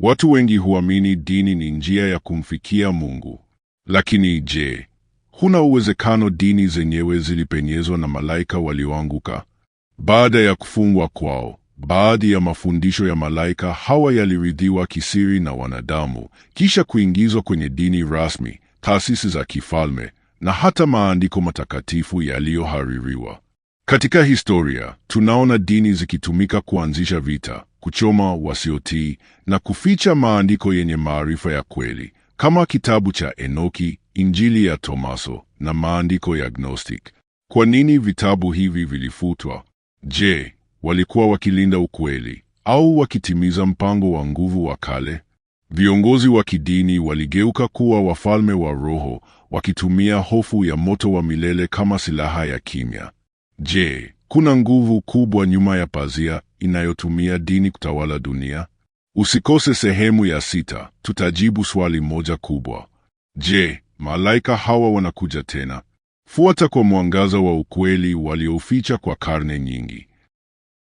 Watu wengi huamini dini ni njia ya kumfikia Mungu, lakini je, huna uwezekano dini zenyewe zilipenyezwa na malaika walioanguka? Baada ya kufungwa kwao, baadhi ya mafundisho ya malaika hawa yaliridhiwa kisiri na wanadamu, kisha kuingizwa kwenye dini rasmi, taasisi za kifalme na hata maandiko matakatifu yaliyohaririwa. Katika historia tunaona dini zikitumika kuanzisha vita, kuchoma wasiotii na kuficha maandiko yenye maarifa ya kweli kama kitabu cha Enoki, Injili ya Tomaso na maandiko ya Gnostic. Kwa nini vitabu hivi vilifutwa? Je, walikuwa wakilinda ukweli au wakitimiza mpango wa nguvu wa kale? Viongozi wa kidini waligeuka kuwa wafalme wa roho, wakitumia hofu ya moto wa milele kama silaha ya kimya. Je, kuna nguvu kubwa nyuma ya pazia inayotumia dini kutawala dunia? Usikose sehemu ya sita, tutajibu swali moja kubwa. Je, malaika hawa wanakuja tena? Fuata kwa mwangaza wa ukweli walioficha kwa karne nyingi.